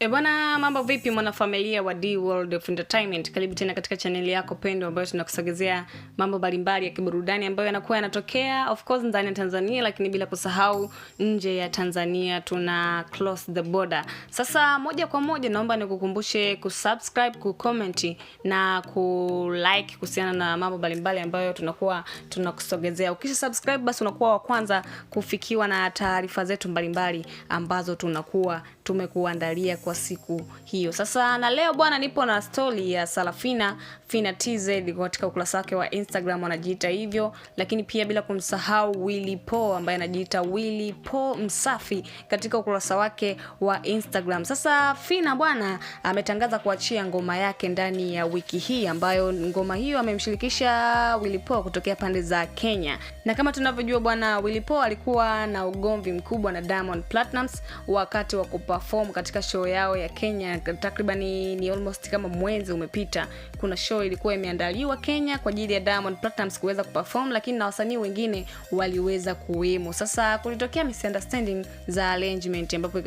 E mambo vipi mwanafamilia wa D World of Entertainment? Karibu tena katika chaneli yako pendwa ambayo tunakusogezea mambo mbalimbali ya kiburudani ambayo yanakuwa yanatokea of course ndani ya Tanzania, lakini bila kusahau nje ya Tanzania tuna cross the border. Sasa moja kwa moja naomba nikukumbushe kusubscribe, kucomment na kulike kuhusiana na mambo mbalimbali ambayo tunakuwa tunakusogezea. Ukisha subscribe basi unakuwa wa kwanza kufikiwa na taarifa zetu mbalimbali ambazo tunakuwa tumekuandalia kwa siku hiyo. Sasa na leo bwana, nipo na stori ya Sarafina Fina TZ katika ukurasa wake wa Instagram anajiita hivyo, lakini pia bila kumsahau Willy Po ambaye anajiita Willy Po Msafi katika ukurasa wake wa Instagram. Sasa Fina bwana ametangaza kuachia ngoma yake ndani ya wiki hii, ambayo ngoma hiyo amemshirikisha Willy Po kutokea pande za Kenya, na kama tunavyojua bwana, Willy Po alikuwa na ugomvi mkubwa na Diamond Platnumz wakati wa kupa kuperform katika show yao ya Kenya takriban ni almost kama mwezi umepita. Kuna show ilikuwa imeandaliwa Kenya kwa ajili ya Diamond Platnumz kuweza kuperform, lakini na wasanii wengine waliweza kuwemo. Sasa kulitokea misunderstanding za arrangement, ambapo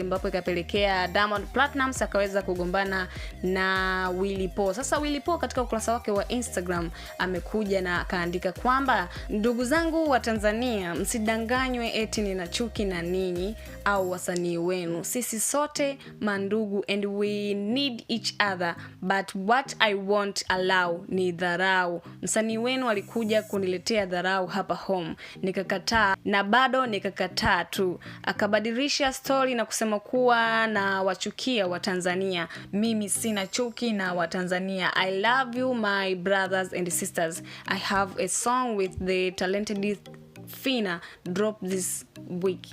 ambapo ikapelekea Diamond Platnumz akaweza kugombana na Willy Paul. Sasa Willy Paul katika ukurasa wake wa Instagram amekuja na akaandika kwamba ndugu zangu wa Tanzania, msidanganywe eti nina chuki na ninyi au wasanii wenu sisi sote mandugu and we need each other but what I want allow ni dharau. Msanii wenu alikuja kuniletea dharau hapa home, nikakataa na bado nikakataa tu. Akabadilisha stori na kusema kuwa na wachukia Watanzania. Mimi sina chuki na Watanzania. I love you my brothers and sisters. I have a song with the talented Fina drop this week.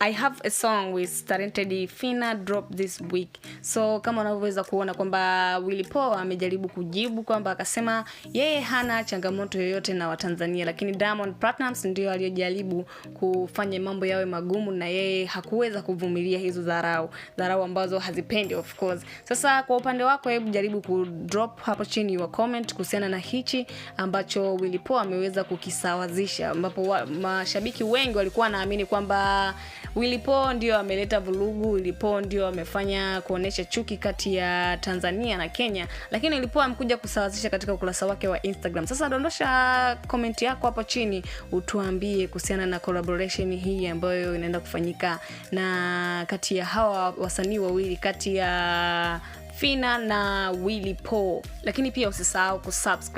I have a song with Talented Fina drop this week. So kama unavyoweza kuona kwamba Willy Paul amejaribu kujibu kwamba akasema yeye hana changamoto yoyote na Watanzania, lakini Diamond Platnumz ndio aliyojaribu kufanya mambo yawe magumu na yeye hakuweza kuvumilia hizo dharau, dharau ambazo hazipendi of course. Sasa kwa upande wako, hebu jaribu ku drop hapo chini your comment kuhusiana na hichi ambacho Willy Paul ameweza kukisawazisha, ambapo mashabiki wengi walikuwa wanaamini kwamba wilipo ndio ameleta vurugu, wilipo ndio amefanya kuonesha chuki kati ya Tanzania na Kenya, lakini wilipo amekuja amkuja kusawazisha katika ukurasa wake wa Instagram. Sasa dondosha komenti yako hapo chini utuambie kuhusiana na collaboration hii ambayo inaenda kufanyika na kati ya hawa wasanii wawili kati ya fina na Willy Paul, lakini pia usisahau kusubscribe.